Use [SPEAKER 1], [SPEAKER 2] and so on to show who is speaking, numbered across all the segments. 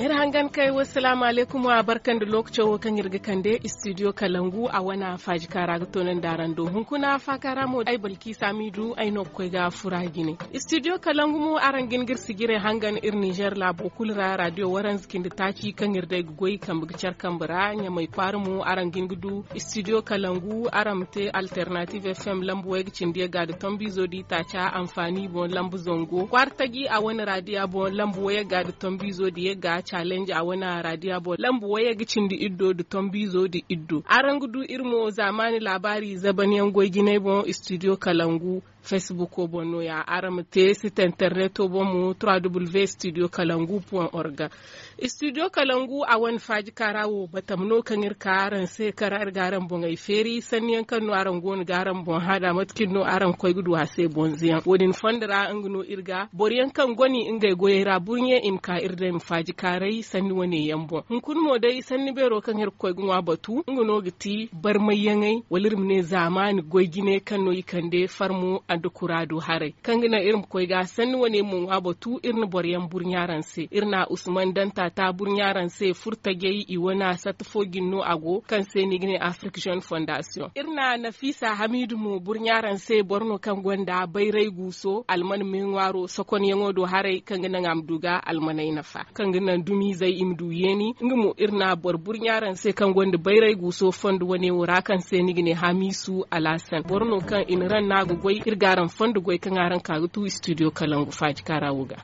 [SPEAKER 1] Yar hangan kai wassalamu alaikum wa barkan da lokacin wakan yirga kande studio Kalangu a wana faji kara tonan daran dohun kuna fakara mu ai balki samidu ai no koi ga fura gine. Studio Kalangu mu aran gingir sigire hangan ir Niger la bokul ra radio waran zikin da taki kan yirda goi kan bugicar kan bura nya mai kwar mu aran gingudu studio Kalangu aram te alternative FM lambu wai gicin dia ga da tombi zodi ta cha amfani bon lambu zongo kwartagi a wani radio bon lambu wai ga da tombi zodi ga challenge a wani radia bo lambu waya di iddo du tombizo di iddo arangudu irmo zamani labari zaban yango ginai bon studio kalangu facebook bonno ya arama te site internet o mu www.studiokalangu.org studio kalangu a wani faji karawo batam no kanir karan sai karar garan bon ai feri kan no aran gon garan bon hada matkin no aran koy gudu ha sai bon ziyan wodin fandara angno irga boriyan kan goni ingai goyera bunye in ka irde mi faji karai sanni wani yambo kun mo dai sanni ro kan her koy gunwa batu ngno giti barmayangai walirmne zamani goygine kan no yikande farmo du hare kangina irin koi ga san wane mun wabo tu irin boryan burnyaran se irna usman danta ta burnyaran se furta gei iwana satfo ginno ago kan se ni gine afrique jeune fondation irna nafisa hamidu mu burnyaran se borno kan gonda bayrai guso alman min waro sokon yengodo hare kangina ngamduga almanai nafa kangina dumi zai imdu yeni ngumu irna bor burnyaran se kan gonda bayrai guso fond wane wura kan se ni gine hamisu alasan borno kan inran nagu goi irga karan fondu goi kan aran kagu tu studio kalangu faji kara wuga.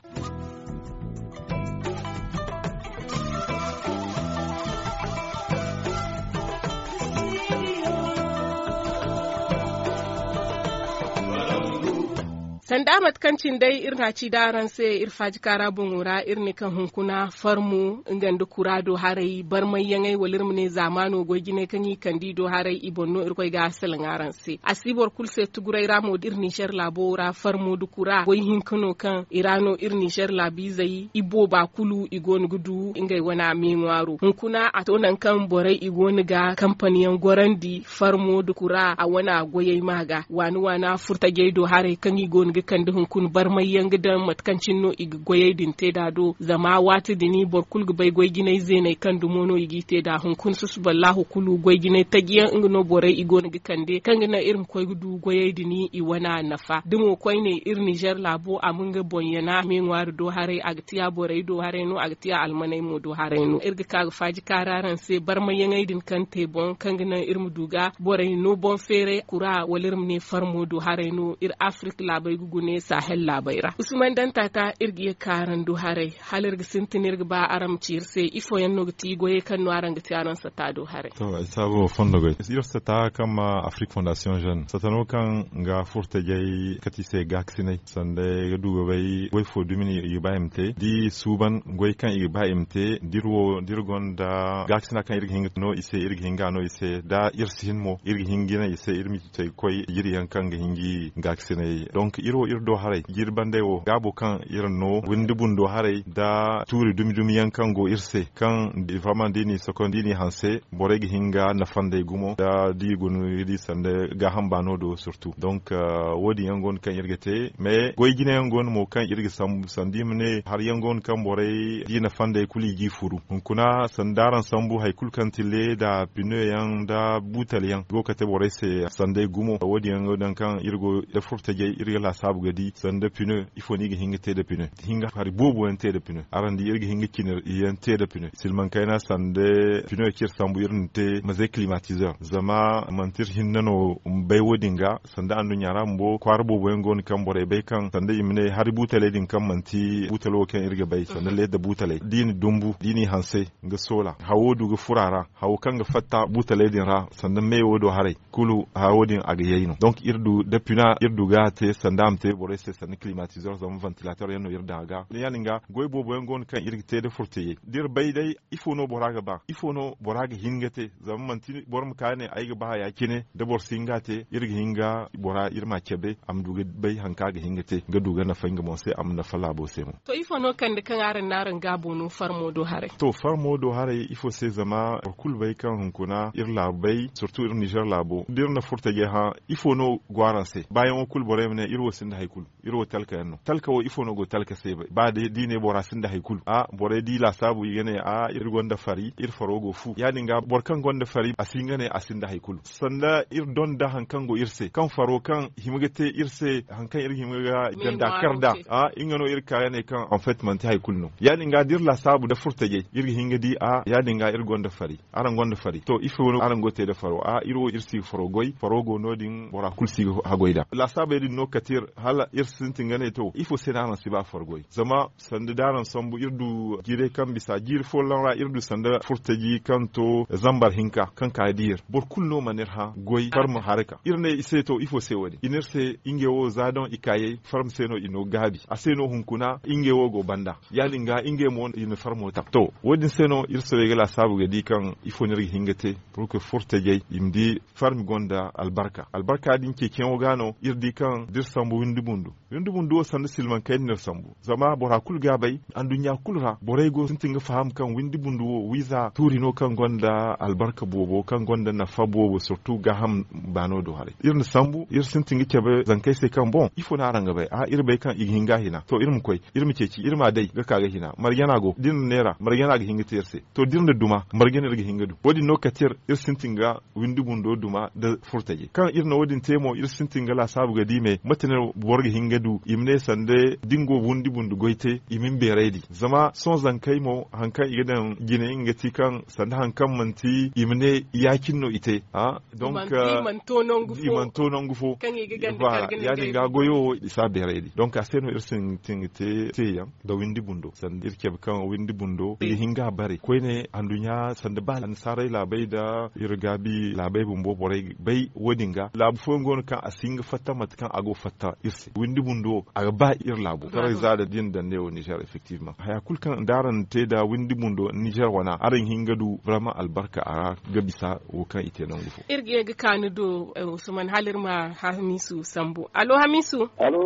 [SPEAKER 1] Sanda kancin dai irna ci daran se irfaji kara bungura irni kan hunkuna farmu ngandu kurado harai barmai yangai walirmu ne zamano gogine kanyi kandido harai ibonno irkoi ga asalin aran se asibor kulse tugurai ramo irni shar labo ra farmu kura goyi hinkano kan irano irni shar labi zai ibo ba kulu igon gudu ingai wana mengwaro hunkuna atonan kan borai igon ga kampaniyan gorandi farmo dukura a wana goyai maga wani wana furta do harai kan igon yangi kandi hunkun barmai yangi da matkancin no igi goyai din te da do zama wata dini bor borkul bai goy ginai zenai kandu mono igi te da hunkun su ballahu kulu goy ginai tagiyan ingi no borai igo ngi kande kangi na irin koy gudu goyai dini iwana nafa dimo koy ne ir Niger labo amunga bonyana me ngwar do hare agtiya borai do hare no agtiya almanai mo do hare no irga kaga faji kararan se bar barmai yangai din kante bon kangi na irmu duga borai no bon fere kura walirmu ne farmo do hare no ir Afrique labai gugune sahel labaira usman dan ta irgi karan duharai halir sintinir ba aram cirse ifo yanno ti goye kan noaran gati aran sa ta duharai
[SPEAKER 2] to sabo fondo goy yo sa ta kama afrique fondation jeune satano kan ga forte jay katise se gaksine sande ga dugo bay way fo dumini yu yuba mt di suban goy kan yu yuba mt dirwo dirgonda da gaksina kan irgi hinga no ise irgi hinga no ise da irsin mo irgi hingina ise irmi tay koy yiri yankan ga hingi gaksine donc iro irdo haray girbande wo gabo kan irno windibun do haray da turi dumidum yankango irse kan vraiment dini sokondini hanse boreg hinga nafande gumo da di gonu di sande ga hambano do surtout donc uh, ah, wodi yangon kan yirgete mais goygine yangon mo kan irgi sam sandimne har yangon kan borey di nafande kuli ji furu kuna sandaran sambu hay kulkan tille da pine yang da butal yan go kate borey se sande gumo wodi yangon kan irgo da e furta je irga la sabu gadi sanda pine ifoni ga hinga teda pine hinga hari bobo en teda pine arandi irga hinga kiner yen teda pine silman kaina sande pine kir sambu irin te maze climatiseur zama mantir hinnano bai wodinga sanda andu nyara mbo kwar bobo en gon kam bore bay kan sanda imne hari butale din kan manti butalo kan irga bay sanda mhm. le da butale dini dumbu dini hanse nga sola hawo duga furara hawo kan ga fatta butale din ra sanda mewo do hare kulu hawo din aga donc irdu depuna irdu gate te sanda kamte bore se sani climatiseur zama ventilateur yano yir daga yaninga goy bobo yangon kan irgite da furteye dir bai dai ifono boraga ba ifono boraga hingate zama manti bor mkane aiga ba ya kine da bor singate irga hinga bora ma kebe am duga bai hanka ga hingate ga duga na fanga mo se am na fala bo se mo
[SPEAKER 1] to ifono kan da kan aran naran gabo no farmo do hare
[SPEAKER 2] to farmo do hare ifo se zama kul bai kan hunkuna la labai surtout ir Niger labo dir na furtege ha ifono gwaran se bayan kul bore ne irwo da haikulu iro talka yanno talka wo ifo nogo talka seba ba de dine bora da haikulu a bore di la sabu yene a ir gonda fari ir farogo fu yani nga bor kan gonda fari asin da haikulu sanda ir don da hankango irse kan faro kan himagete irse hankan ir himaga ganda karda a ingano ir kayane kan en fait man haikulu no yani nga dir la sabu da furtaje ir di a yani nga ir gonda fari aran gonda fari to ifo no aran gote da faro a iro irsi farogoy farogo nodin bora kulsi hagoida la sabu din no katir hala ir sintin gane to ifo se daran ba forgoy zama sande daran sambu irdu gire kan bisa gir ra irdu sande furtaji kanto zambar hinka kan kadir bor kullo manir ha far mu haraka irne ise to ifo sai wadi inir se inge wo zadon ikaye farm seno ino gabi seno hunkuna inge wo go banda yalinga inge mo ino farmo ta to wodin seno irse wegala sabu gadi kan ifo nirgi hingate pour que furtaji imdi farm gonda albarka albarka din keken wo gano irdi kan dir sambu windi bundu windi bundu sandu silman kay nir sambu zama bora kul gabai an dunya kulra borai go sinti nga faham kan windi bundu wo wiza no kan gonda albarka bobo kan gonda na fa bobo surtu ga ham bano do hare irin sambu ir sun tinga kebe kai sai kan bon ifo na ranga bay a ir bay kan ihinga hina to irin koy irin ceci irin ma dai ga kaga hina margana go din nera margana ga hinga tirse to din da duma margana ga hinga du wodi no katir ir sinti nga windi bundo duma da furtaje kan irin wodin temo ir sinti nga la sabu ga dime matinar borga hingadu imne sande dingo bundi bundu goite imin beredi zama son zankai mo hanka igadan gine inga tikan sande hankan manti imne yakin no ite ha donc iman euh, to non gufo kan igiganda kargin yani ga goyo isa beredi donc aseno irsin tingite teyam da windi bundo sanda irkeb kan windi bundo hinga bare koyne andunya Sande bal ansarai labai da irgabi labai bumbo borai bai wadinga labu ngon kan asinga fatta matkan ago fatta irse windi bundo aga ba ir labo tara zada din da ne Niger effectivement haya kulkan daran te da windi bundo Niger wana arin hingadu vraiment albarka ara gabisa wo kan ite nan gufo
[SPEAKER 1] irge ga kanu do eh, Usman ma Hamisu Sambo alo Hamisu alo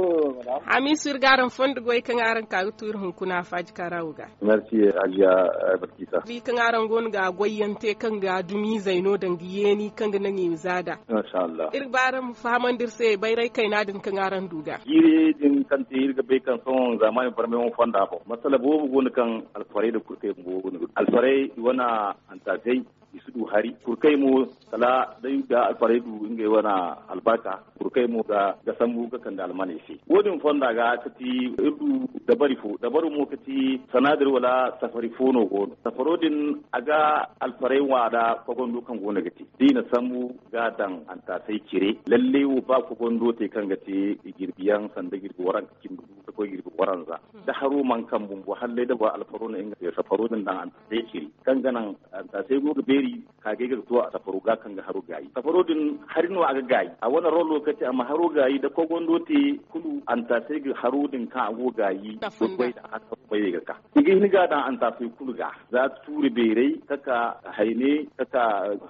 [SPEAKER 1] Hamisu irgaran fondo goy kan aran ka tur hun kuna faji karawuga
[SPEAKER 3] merci ajiya eh, barkita bi
[SPEAKER 1] kan aran gon ga goyyante kan ga dumi zaino dangiye ni kan ga nan yi zada
[SPEAKER 3] masha Allah
[SPEAKER 1] irbaran fahaman dirse bayrai kaina din kan aran kan duga
[SPEAKER 3] yire din kan te yirga be kan son zamani parme on fonda bo masala bo bu gon kan alfare da kurkai bo gon alfare wana antajai isudu hari kurkai mu kala da yuda alfare du inge wana albaka kurkai mu ga ga sambu ga kan da almani shi wodin fonda ga tati irdu da bari fo dabaru baru mu kati sanadir wala safari fono gon safarodin aga alfare wada ko gon dukan gon gati dina sambu ga dan antasai kire lalle wo ba ko gon te kan gati girbiyan sanda girbi waran kin ko girbi waranza da haro man kan bumbu har da ba alfaro na inga ya safaro din dan an sai ce kan ganan ta sai go beri ka ga to a safaru ga kan ga haro gayi safaro din harin a ga gayi a wannan ro lokaci amma haro gayi da ko gondo te kulu an ta sai ga haro din kan go gayi ko bai da aka bai ga ka diga ni ga dan an ta sai kulu ga za ture berai kaka haine kaka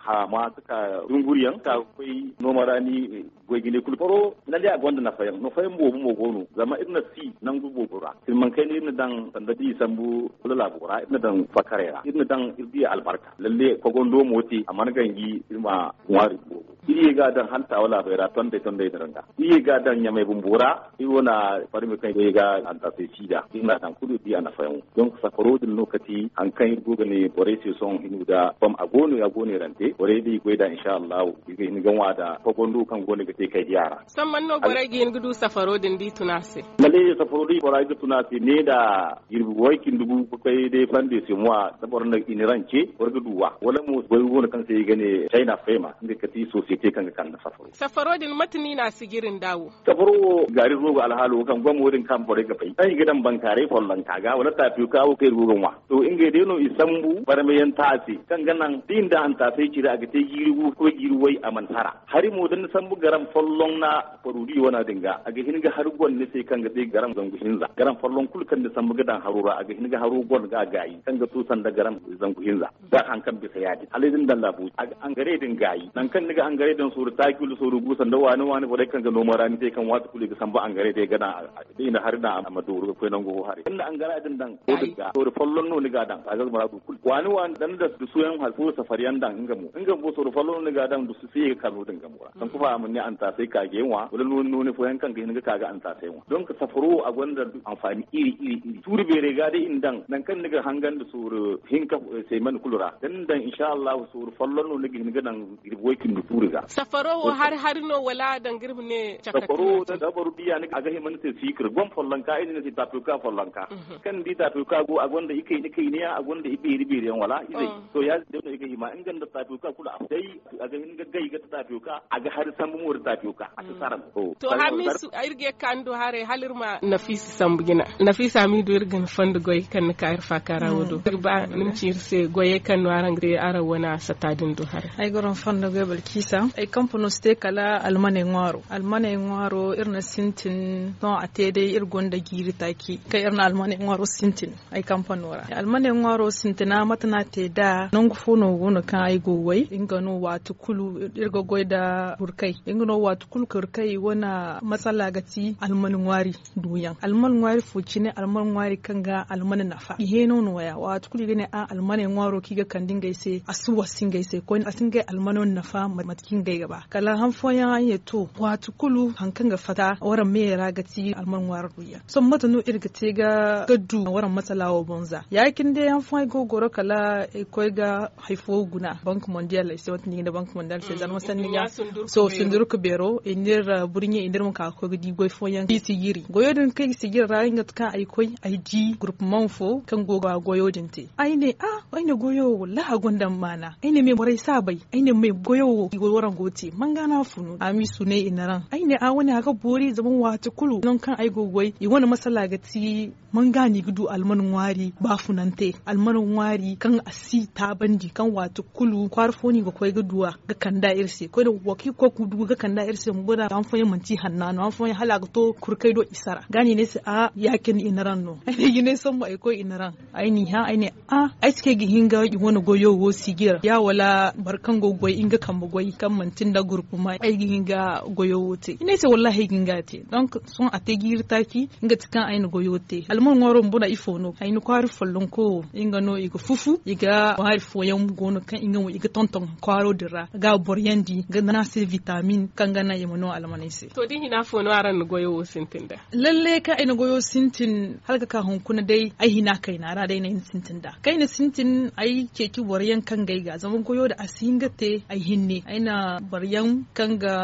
[SPEAKER 3] hama kaka runguriyan ka kai nomarani goyi ne kulu faro lalle a gwanda na fayan no fayan bo mu gono zama ibn si nan nangu bobura tin kai ne dan sanda di sambu lula bobura ne dan fakarera ne dan irdi albarka lalle ko gondo moti amman gangi ma wari bobo iye ga dan hanta wala bera tonde tonde daranga iye ga dan nyame bumbura iwona farmi kai iye ga anta sai sida ina dan kudu di ana fayon donc sa farodin lokati an kai goga ne bore sai son hinu da bam agono ya gone rante bore di goida insha Allah ibe ganwa da ko gondo kan gone ga kai yara
[SPEAKER 1] samman no gore gi gudu safarodin di tunase
[SPEAKER 3] lalle sa furodi fora ita tuna si ne da girbi waikin dubu kai dai fande su muwa da borna iniran ce warga duwa wala mu bai wani kan sai e gane china fema inda kati sosai kan kan safaro
[SPEAKER 1] safaro din matni na sigirin dawo
[SPEAKER 3] safaro gari rogo alhalo kan gwamo wurin kan fore ga bai ai gidan bankare follan kaga wala ta fi kawo kai rogon wa to inga dai no e mai barmayan tasi kan ganan din da an tafe ci da ga te girigu ko girwai a mansara hari mu dan sambu garan fallon na farudi wana dinga a ga ga har ne sai kan ga garan garan zangu hinza garan farlon kul kan da sambu gadan harura a aga ga haru gon ga gayi kan ga tusan da garan zangu hinza da an kan bisa yadi alaidin dan labu an gare din gayi nan kan niga an gare din suru takilu suru gusan da wani wani bodai kan ga noma rani kan wata kule ga sambu an gare dai gana ina har da amaduru ko nan go hari inda an gara din dan ko da suru farlon no niga dan a ga mara ku kul wani wani dan da su yan hasu safariyan dan inga mu inga go suru farlon niga dan su sai ka zo din ga mu kan kuma mun ne an ta sai kage wa wani nuni fo yan kan ga hinga kaga an ta sai wa don ka safaro a gwanda amfani iri iri iri turi be rega de indan nan kan niga hangan da suru hinka eh, sai man kulura dan dan insha Allah suru fallon no niga niga dan girboy da turu ga safaro har
[SPEAKER 1] har no wala dan girb ne safaro da
[SPEAKER 3] dabaru biya niga aga himan sai fikir gon fallon ka idin sai tafuka fallon ka mhm. kan di tafuka go a gwanda ikai ikai ne a gwanda ibe ribe ren wala idai mhm. to ya da no ikai ma in ganda tafuka kula dai aga ga gai ga tafuka aga har san mu tafuka a tsara mm. to to har mi su
[SPEAKER 1] irge kando hare halirma nafisi sambugina nafisa mi dur gan fand goy kan ka ar fa kara wodo mm. ba nim ci se goye kan waran gre ara wana satadin do har
[SPEAKER 4] ay goron fand goy bal kisa ay kampono ste kala almane ngoro almane ngoro irna sintin no atede ir gonda giri taki ka irna almane ngoro sintin ay kampanora almane ngoro sintina matna te da non funo wono kan ay go way ingano watu kulu irgo goy da burkai ingano watu kulu kurkai wana matsala gati almane ngwari do yan almal ngwari fucine almal ngwari kanga almal nafa ihe no no ya wa tukuli gane a almal ngwaro kiga kandin gaise asu wasin gaise ko in asin gai almal nafa matkin gai ba kala han foya ya to wa tukulu hankan ga fata waran me ragati almal ngwaro ya son mata no irga te ga gaddu waran matsalawo bonza kin dai han foya go goro kala e ko ga haifo guna bank mondial sai wata ni da bank mondial sai zan wasan ya mm, so sundur kubero inir e burinya inir e mun ka ko di goy foyan tisi yiri goyo kan kai su rayin ga kan ai koi ID group manfo kan goga goyo dinte ai ne a ah, ai ne goyo la gundan mana ai ne me morai sa bai ai ne me goyo goran goti man gana funu ami sune inaran ai ne a ah, wani haka bori zaman wata kulu nan kan ai gogoi i wani masala ga ti man gani gudu almanin wari ba funante almanin wari kan asi ta bandi kan wata kulu kwarfoni ga koi guduwa ga kanda irse ko da waki ko kudu ga kanda irse mu bura an fanyi manti hannano an fanyi halaga to kurkai do isara gani ne su a yakin inaran no ai gine son mu ai ko inaran ai ni ha ai ne a ai suke hinga gi wani goyo wo sigir ya wala barkan gogoi inga kan mu goyi kan mantin da gurfu mai ai gi hinga goyo wote ne se wallahi ginga te sun son te gir taki inga tikan ai ni goyo te almon ngoron buna ifo no ai ni kwar follon ko inga no iga fufu iga har fo yan gono kan inga mu iga tonton kwaro dira ga boryandi ga na se vitamin kan gana yimono no
[SPEAKER 1] se to din hina fo no aran goyo wo sintinda
[SPEAKER 4] lalle ne ka ina goyo sintin halka ka hunkuna dai ai na kai na dai na yin sintin da kai na sintin ai ke ki waryan kan gai ga zaman goyo da asinga te ai hinne ai na baryan kan ga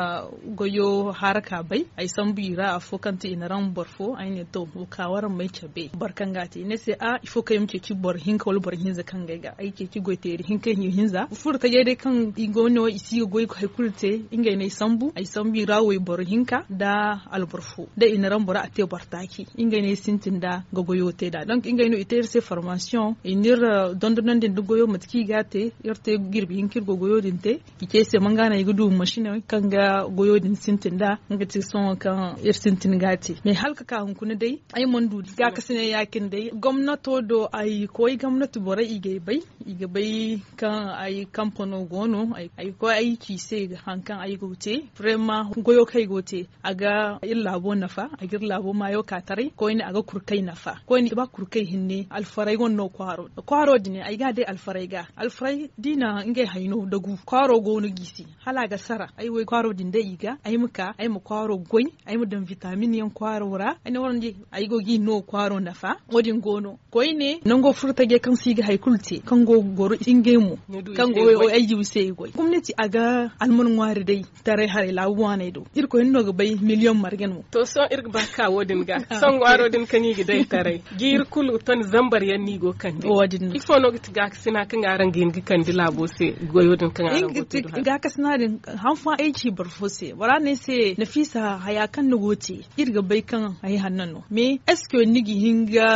[SPEAKER 4] goyo haraka bai ai san bira a fokan ti ina ran barfo ai ne to kawar mai chabe barkan gati ne sai a ifo kai mu ke ki bor hin ka wal bor hin za kan gai ga ai ke ki goite hin yi hin za ta dai kan wa isi goyi kai kurte inga ne sambu ai sambi rawo bor hinka da albarfo da ina ran bura a te de bartaki inga ne sintinda ga goyo te da donc inga no ite se formation inir uh, dondonan din goyo matki gate irte girbi hinkir go goyo din te kike se mangana igudu machine kan ga goyo din sintinda inga ti son kan ir sintin gate me halka ka hunkuna dai ai mondu ga kasine yakin dai gwamnato do ai koi gwamnati bore ige bai ige bai kan ai kamfano gono ai ko ki sai hankan ai gote vraiment goyo kai gote aga illa bo nafa agir labo mayo katare ko ina aga kurkai nafa ko ni ba kurkai hinne alfarai no kwaro kwaro dine ai ga dai alfarai ga alfarai dina nge haino dagu kwaro no gisi hala ga sara ai wai kwaro din dai iga ai muka ai mu kwaro goi ai mu dan vitamin yan kwaro ra ai ne wonde ai go gi no kwaro nafa odin gono ine ne go furta ge kan siga haikulte kan go goro inge mu
[SPEAKER 1] kan go o ai
[SPEAKER 4] juse goi gwamnati aga almun ngwari dai tare hare lawu wane do irko hinno ga bai million margen mu
[SPEAKER 1] to so irga ba odin ga son waro din kan yigi dai tarai gir kulu ton zambar yan ni go kan dai odin ifo no gita gaka sina kan aran gin gi kan di labo se goyo din kan aran go
[SPEAKER 4] ga ka sina din han fa aiki bar fo se wara ne se nafisa haya kan goce gote ga bai kan ayi hannan no me eske gi hinga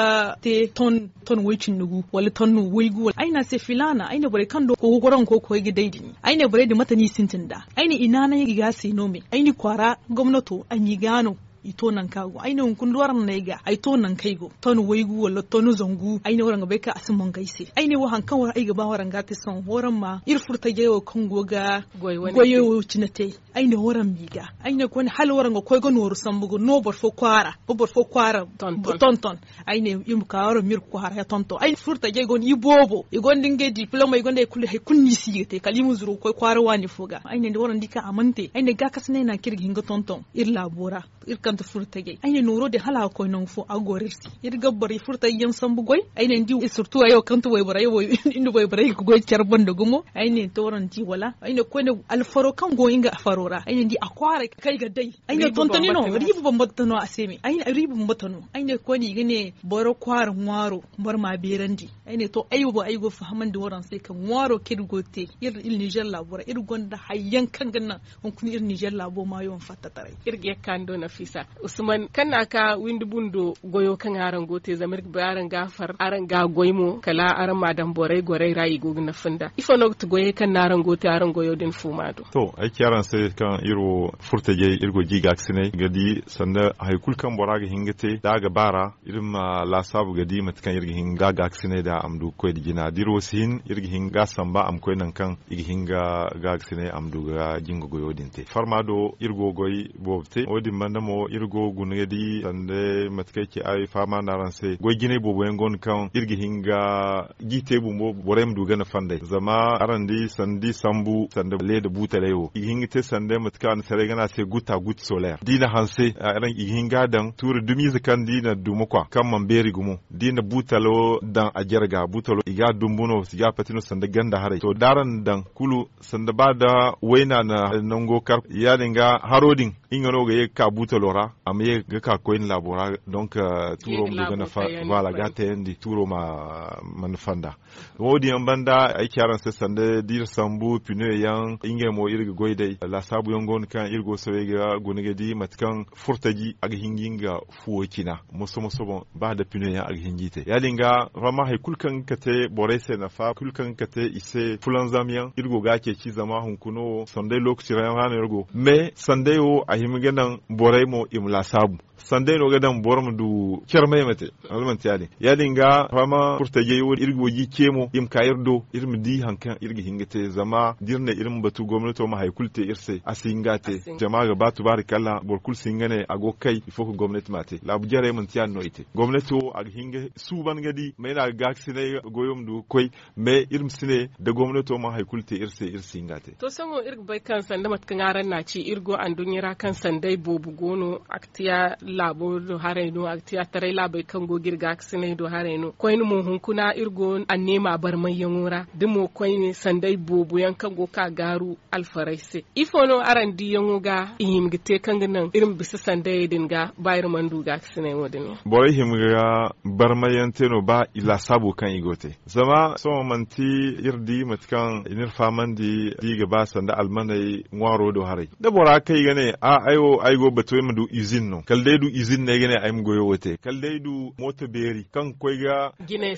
[SPEAKER 4] te ton ton wicin nugu wala ton nu wigu aina se filana aina bare kan do ko goron ko ko gi dai din aina bare di mata ni sintin sintinda aina ina na yi ga se no me aini kwara gwamnato an yi gano i nan kago aine hun kun duwaran na ga ai to nan kaigo tonu no waigu wala tonu zangu. zongu aine waran bai ka asin mon gaise aine wa hankan war ai ba waran ga son horan ma irfurta furta je kan goga goye wo cinate aine horan miga aine kun hal waran go koy nuru noru sambugo no bor fo kwara bo bor fo kwara ton ton aine yum ka waro mir ku har ya ton to aine furta je gon ibobo igon dinge diploma igon dai kulle hay kunni sigete kalimu zuru koi kwara wani foga aine waran dika amante aine ga kasne na kirgi hinga ton ton ir labora ir furta furtage aine noro de hala ko non fu agorisi ir gabbari furta yin sambu goy aine ndi surtout ayo kantu way bara yo indu way bara ko goy charbon de gumo aine toron ti wala aine ko ne faro kan go inga farora aine ndi akware kai ga dai aine tontoni no ribu bambatano asemi aine ribu bambatano aine ko ni gane boro kwar nwaro bor ma berandi aine to ayo ba ayo fahaman da waran sai kan nwaro kirgote ir il Niger labura ir gonda hayyan kan ganna on kun
[SPEAKER 1] ir Niger labo ma yon fatta tare ir ge kando na fisa bisa usman kana ka bundo goyo kan aran gote zamir aran gafar aran ga goimo kala aran madan borai gorai rayi gogu na funda ifa no to goye kan aran gote aran goyo din fumado
[SPEAKER 2] to aiki aran sai kan iro furta je irgo giga aksine gadi sanda haikul kan boraga hingate daga bara irin ma lasabu gadi matkan irgi hinga ga aksine da amdu koy jina diro sin irgi hinga samba am koy nan kan irgi hinga ga aksine amdu ga jingo goyo dinte farmado irgo goyi bobte odi mandamo irgo gunedi sande matkeke ay fama naran sai gine bobo en gon kan irgi hinga gite bu mo borem du gana fande zama arandi sandi sambu sande le da butalewo ihinga te sande matkan sare gana se guta gut solaire dina hanse aran ihinga dan de mise kan dina dumo kwa kan man beri gumo dina butalo dan ajerga butalo iga dumbuno y'a patino sande ganda hare to daran dan kulu sande bada waina na nongo kar ya haroding harodin ingano ga ka buta lora am ye ga ka koin labora donc uh, turo mu gana fa wala ga ta yandi turo ma man fanda wodi an banda ay kyaran se sande dir sambu pine yan inge mo irga goidai la sabu yangon kan irgo sore ga gunige di matkan furtaji aga hinginga fuokina musu musu bon ba da pine yan aga hingite ya yalinga rama hay kulkan kate borese na fa kulkan kate ise fulan zamiyan irgo ga ke ci zama hunkuno sande lokaci ran ran irgo me sande yo ahi mu genan borai mo imla sabu sande no gadan borom du kermay mate alman tiade yadinga fama furta je wori irgo ji kemo im kayirdo irmi di hankan irgi hingate zama dirne irin batu gwamnati ma haikulte irse asingate jama'a ga batu barikalla kul singane ago kai ifo ko gwamnati mate labu jare mun tiyan no ite gwamnati o ag hinge suban gadi mai na gaksine goyom du koi me irim sine da gwamnati ma haikulte irse irsingate
[SPEAKER 1] to sango irg bai kan sanda matkan aran na ci irgo an dunyira kan sandai bobu gono aktiya labo do harayno akti atarai labai e kango girga aksinai do harayno koyni mo hunkuna irgo annema barman yangura dimo koyni sandai bobu yan kango ka garu alfaraise ifono arandi yango ga yimgite nan irin bisa sandai dinga bayar mandu ga aksinai modin
[SPEAKER 2] boy himga barman yanteno ba ila sabu kan igote zama so manti irdi matkan inir famandi diga ba sanda almanai ngwaro do harai da bora kai gane a aiwo aigo batoy e madu izin no kalde kallaydu izin ne gene ay goyo wote kallaydu moto beri kan koyga gine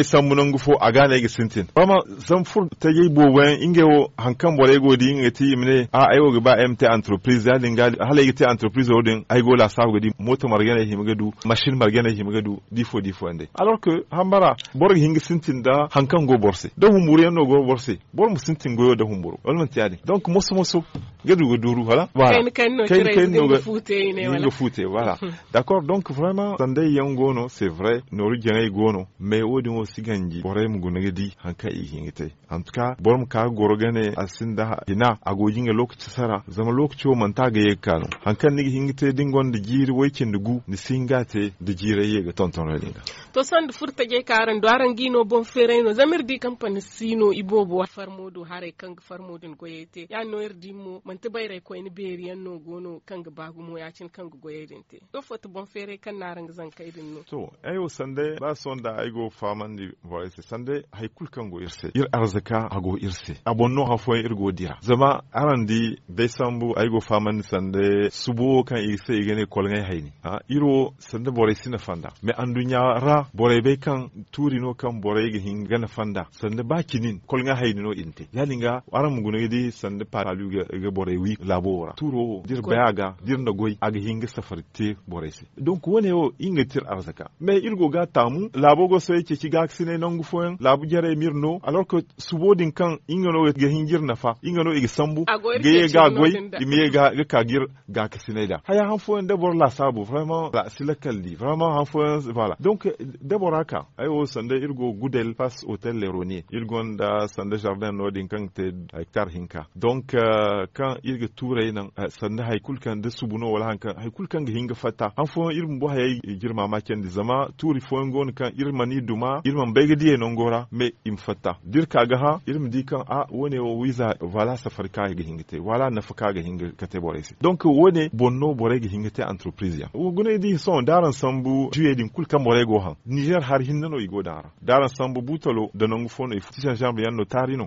[SPEAKER 2] a fo aga yi sintin bama zan fur ta yi boben inge wo hankan bore di inge ti mine a ay wo mt entreprise ya dinga hala yi ti entreprise wodin ay go la sago di moto margene himgadu du. margene himgadu difo difo ande alors que hambara borg hinga sintin da hankan go borse da humburu yanno go borse bor mu sintin goyo da humburu walman tiyadi donc moso moso gadu go duru hala wala kain kain no ga
[SPEAKER 1] fute ne wala
[SPEAKER 2] fute voilà hmm. d'accord donc vraiment sandai yan c'est vrai noru jenai gono mais wodi wo siganji boray mu gunage di i en tout cas borom ka gorogane asinda hina agojinga Lok Tsara, zama lokaci wo manta ga yekano hankan ni hingite dingon da jiri waikin Gu, ni singate da jire yega tonton radinga
[SPEAKER 1] to sand furta ge karan dwaran gino bon fereno zamir di kampani sino ibobo farmodo hare kan farmodin goyete ya di mo man tibayre ko en beriyan no gono Kang bagumo ya cin kan goyedin te do foto bon fere kan narin zan
[SPEAKER 2] kai din no to ayo sande ba da ay go famandi voice sande hay kul kan go irse ir arzaka ago irse abonno ha fo ir go dira zama arandi desambu ay go famandi sande subo kan irse igene kolngai hayni ha iro sande bore sina fanda me andunya ra bore be kan turi no kan bore ge hingana fanda sande ba kinin kolngai hayni no inte yalinga aram gunedi sande paralu ge bore wi labora turo dir bayaga dir ndogoi aga hinga safari te bore donc woni o ingetir arzaka mais irgo ga tamu labo go so yake ci ga sine non gufoyen labu jare mirno alors que subodin kan ingano ga hinjir nafa ingano igi sambu ga ye ga goy imi ga ga kagir ga sine da haya han foyen de bor la sabu vraiment la silakal di vraiment han foyen voilà donc de boraka ay o sande irgo gudel pass hotel le ronier il gonda sande jardin no din kan te hectare hinka donc euh, kan irga ture nan euh, sande hay kulkan de subuno wala hankan kulkan ge hinga fata an fo irin bo hayai e girma ma kendi zama turi fo ngon kan irma ni duma irma bege die non gora me im fata dir ga ha irma di kan a wone o wiza wala safar ka ga hingite wala nafa ka ga hinga kate boresi donc wone bonno bore ga hingite entreprise ya wo gune di son daran sambu juye din kul kan bore go han niger har hinno igo dara daran sambu butalo da non fo no tisan jambe yanno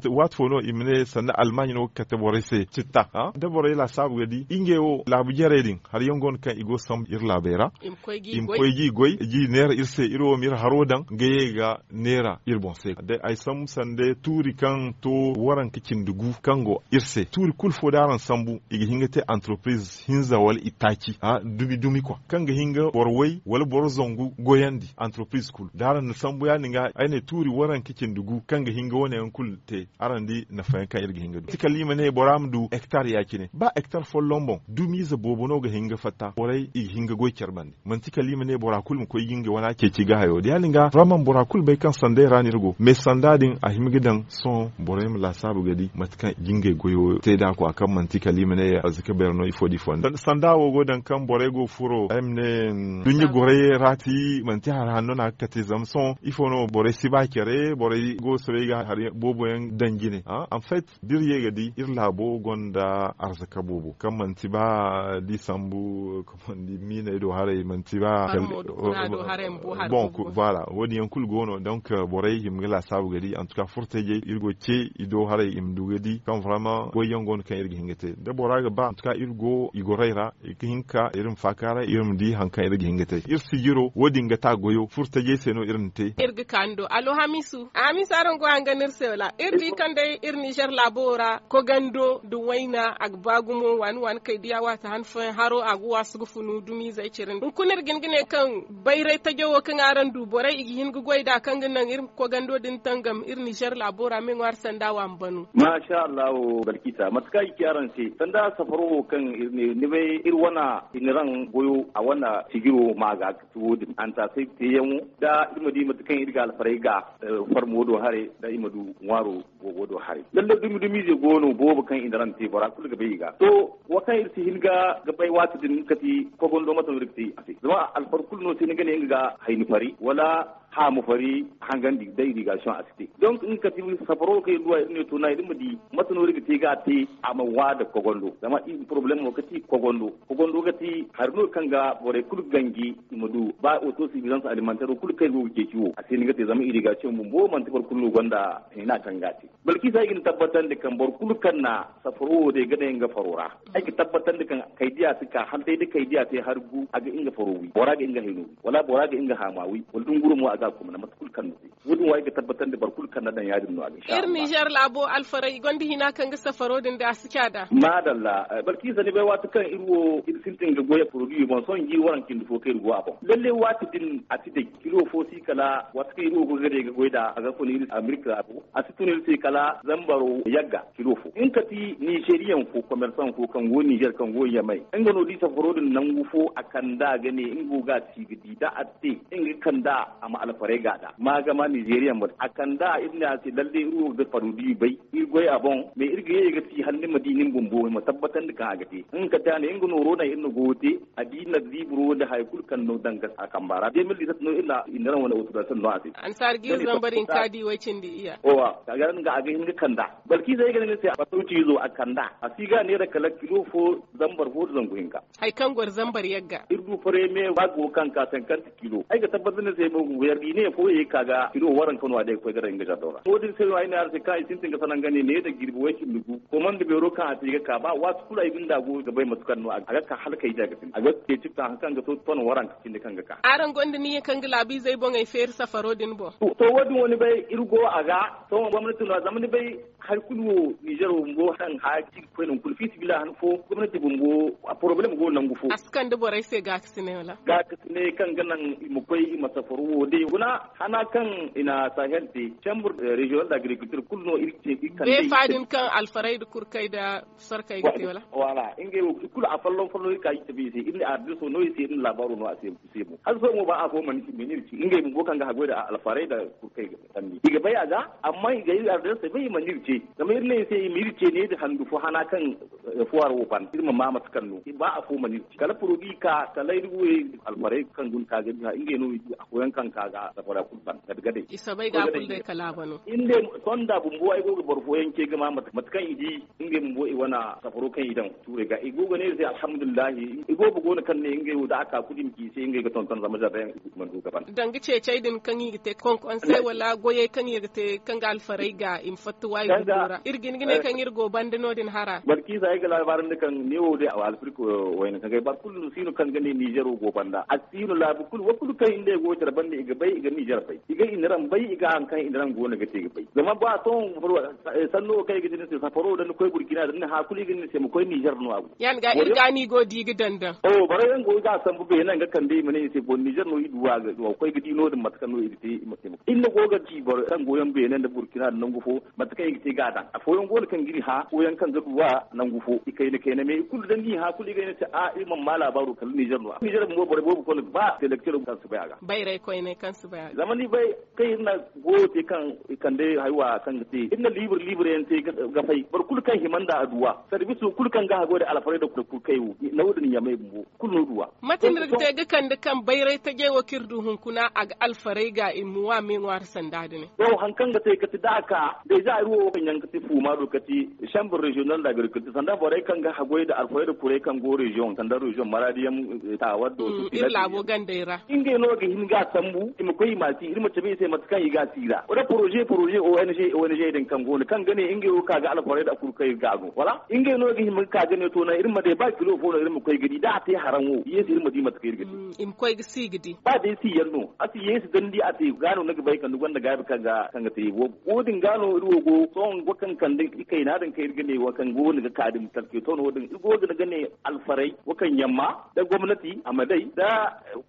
[SPEAKER 2] wat fo no imne sanna almanya no kate boresi citta ha da bore la sabu inge wo la bujere din har yongon kan igo sam ir bera im koy gi goy gi nera ir se iro mir harodan geega ga nera ir bon se de ay sam sande turi kan to waran kikin dugu kango ir se turi kul fo daran sambu igi hingete entreprise hinza wal itachi ha dubi dumi ko kanga hinga wala bor borzongu goyandi entreprise kul daran na sambu ya ninga ay ne turi waran kikin dugu kanga hinga wona kul te arandi na fayanka irgi hinga tikali mane du hectare kine ba hectare fo lombon dumi ze bobono ga hinga fatta borai i hinga goy kerbande manti kalima ne borakul mu koy ginga wala ke ci gahayo de yalinga raman borakul bai kan sande ranirgo me sandadin a himgidan son boraym la sabu gadi matka ginga goyo te da ko akan manti kalima ne azika berno ifo di fon dan sanda go dan kan borego furo amne mm, dunyi gore rati manti har hanno na kate son. ifo no bore siba kere bore go sorega har bobo yan dangine ha en fait dir yegadi irla bo gonda arzaka bobo kan manti ba sambu comment mina ido hare man tiba bon voilà wodi kul gono donc euh, boray him gala sabu gadi en tout cas je, irgo ce ido hare im dugadi comme vraiment boy yongon kan irgi hingete de boraga ba en tout cas irgo igoreira ikinka irin fakara irin di hanka irgi hingete ir sigiro wodi ngata goyo je seno irin te
[SPEAKER 1] irgi kando alo hamisu hamisu aron go anganir sewla irdi kande ir niger labora ko gando ak bagumo wan wan kay diawata han hanfin haro aguwa sugufu nu dumi zai cirin kunar gingine kan bairai ta jawo kan aran duborai igi hingu goida kan ginan irin ko gando din tangam irin nishar labora min war sanda wan banu
[SPEAKER 3] masha Allah barkita matka ki aran ce sanda safaro kan irne ni bai ir wana iniran goyo a wana sigiro maga tuwodin an ta sai tiyan da imadi matkan irga alfarai ga eh, farmodo hare da imadu waro gogodo hare lalle dumi dumi je gono bobo kan indaran te bara kulga bai ga to wakan hilga ga bai wata din kati ko gondo mata wurti ase zama alfar kulno sin gane ga hayni fari wala a mu fari hangan di dai diga a asite don in ka tibi safaro kai zuwa ne to na idin di matano riga te ga te ma wada kogondo dama i problem mo kati kogondo kogondo ti har no kanga bore kul gangi mudu ba sa alimentaire kul kai go ke ciwo a sai te zama irrigation mun bo man tabar kullu gonda ina kangati balki sai in tabbatar da kan bor kul kan na safaro da gada ga farora ai ki tabbatar da kan diya suka har dai da diya sai har gu ga inga farowi bora ga inga hinu wala bora ga inga hamawi wal dungurum wa aga wala kuma na matkul kan nufi wudun wai ga tabbatar da barkul kan nan yadin no abin irin
[SPEAKER 1] Niger labo alfarai gondi hina kan ga safarodin da kya da
[SPEAKER 3] madalla eh, barki sani bai wata kan irwo irsintin ga goya produce ban son yi waran kin dufo kai ruwa ba lalle wata din a ti da kilo si kala wata kai irwo gogare ga da a ga kuni America abu a situni sai kala zambaro yagga kilo fo in ka ti nijeriyan ko commerçant ko kan go Niger kan go Yamai in ga no di safarodin nan gufo kan da gane in goga ci gidi da atte in kan da amma alfare gada ma gama nigeria mu a kan da ibn ati lalle ru da farudi bai irgoy abon me irgoy ga ti hanne madinin bumbu ma tabbatar da ka gati in ka tane in gono rona in gote a adina zibro da haikul kan no danga kan bara de milli tat no illa in inna da san no ati an sar gi zambarin kadi
[SPEAKER 1] wacin di iya owa
[SPEAKER 3] ka ga ga aga hinga kanda balki zai ga ne sai a sauci zo a kanda a siga ne da kala kilo fo zambar fo zango hinka
[SPEAKER 1] ai kan gwar zambar yagga
[SPEAKER 3] irdu fare me ba go kan ka san kan kilo ai ga tabbatar ne sai mu wuyar ne ko ya e kaga ino waran kano a ade ko garan ga dora ko din sai wani arse kai tin tin ga sanan gane ne da girbi wai kin dugu ko man da bero a ati ka ba wa kula ibin da go ga bai masukan no aga ka halka yi daga a ga ke tikta hankan ga to ton waran ka tin kan ga ka
[SPEAKER 1] aran gonda ni kan ga labi zai bon ai fer safaro din bo
[SPEAKER 3] to wadin wani bai irgo a ga to gwamnati no zamani bai har kulwo Niger bumbo han ha ci ko non kulfi bila han fo gwamnati bumbo a problem go nan gufo
[SPEAKER 1] askan da borai sai ga kisne wala
[SPEAKER 3] ga kisne kan ganan mu koi masafaru wo dai guna hana kan ina sahel de chambre eh, regional d'agriculture kulno irte ikan be fadin
[SPEAKER 1] kan alfarai da kurkai da sarkai ga wala
[SPEAKER 3] wala inge wo kul a fallon fallon ka yi tabi sai inda so no sai in labaru no sai mu har so mu ba a ko man ki menir ki inge mu kan ga hago da alfarai da kurkai ga tanni iga bai aga amma iga yi sai bai manir da mai ne sai mir ce ne da handu fo hana kan eh, fuwar wo ban irma mama tukanno ba a ko manir kala progi ka kala irwe alfarai kan gun kaga inge no a koyan kan ga ta saboda kulban ta daga dai isa bai ga da
[SPEAKER 1] ya kala bano inde
[SPEAKER 3] da bumbu ai gogo borfo yanke gama matkan idi inde bumbu i wana safaro kan idan ture ga i gogo ne sai alhamdulillah i gogo gona kan ne inge da aka kudin ki sai inge ga tonton zama da bayan man do gaban
[SPEAKER 1] dangi ce ce din kan yi te kon kon sai wala goye kan yi te kan ga alfarai ga
[SPEAKER 3] in fatu wai gora
[SPEAKER 1] irgin gine kan yi eh. irgo no din hara
[SPEAKER 3] barki sai ga labarin da kan newo dai a alfirko eh, wayin kan ga bar kullu sino kan gane nijero go banda asino labu kullu wa kullu kan inde go tarbande ga bai iga Niger bai iga iniran bai iga hankan iniran gona ga tege bai zama ba ton eh, sanno kai gidin sai safaro da koi Burkina da ha kuli gidin sai mu koi Niger no abu
[SPEAKER 1] yan ga irgani go di gidan da
[SPEAKER 3] oh bare yan go ga san bube nan ga kan dai mun ne se bon Niger no iduwa ga wa koi gidi no da matkan no idite mu in go ga ji bare kan goyon be nan da Burkina da nan gufo matkan igite ga dan a foyon go kan giri ha koyan kan ga duwa nan gufo ikai ne kai ne me kullu dan ni ha kulli ga ne ta a ilman ma labaru kallu Niger no Niger mu bare bo ko ba da lecture kan su bai ga
[SPEAKER 1] bai rai koi ne kan su ba
[SPEAKER 3] zamani bai kai na gote kan kan dai haiwa kan te inna libur libur yan te ga fai bar kul kan da aduwa servisu kul kan ga hago da alfare da kul kai wu na wudin ya mai bu kul no duwa matin da
[SPEAKER 1] te ga kan da kan bayrai ta ge wakir du hun kuna ag alfare ga imuwa me war sanda ne to
[SPEAKER 3] hankan ga te ka ti da ka da ruwa kan yan ka ti fuma do ka ti chambre regional d'agriculture sanda bare kan ga hago da alfare da kure kan go region sanda region maradiyan eh, ta wado mm, su ti la bo gandaira inge no ga hin ga tambu. mu kai mati mace bai sai matkan iga tira oda projet projet ONG ONG din kan gona kan gane inge ka ga alfarai da kurka yi go wala inge no gi mun ka gane to na irin mace ba kilo ko irin mu kai gidi da ta haran wo irin mace di kai gidi
[SPEAKER 1] in koyi gisi gidi
[SPEAKER 3] ba dai yasi yanno asi yesi a ate gano na bai kan da ga ka ga kan ga tiri wo godin gano irwo go son go kan kan din kai na din kai gane wa kan go ni ga din tarke to no din go ga gane alfarai wakan yamma da gwamnati madai da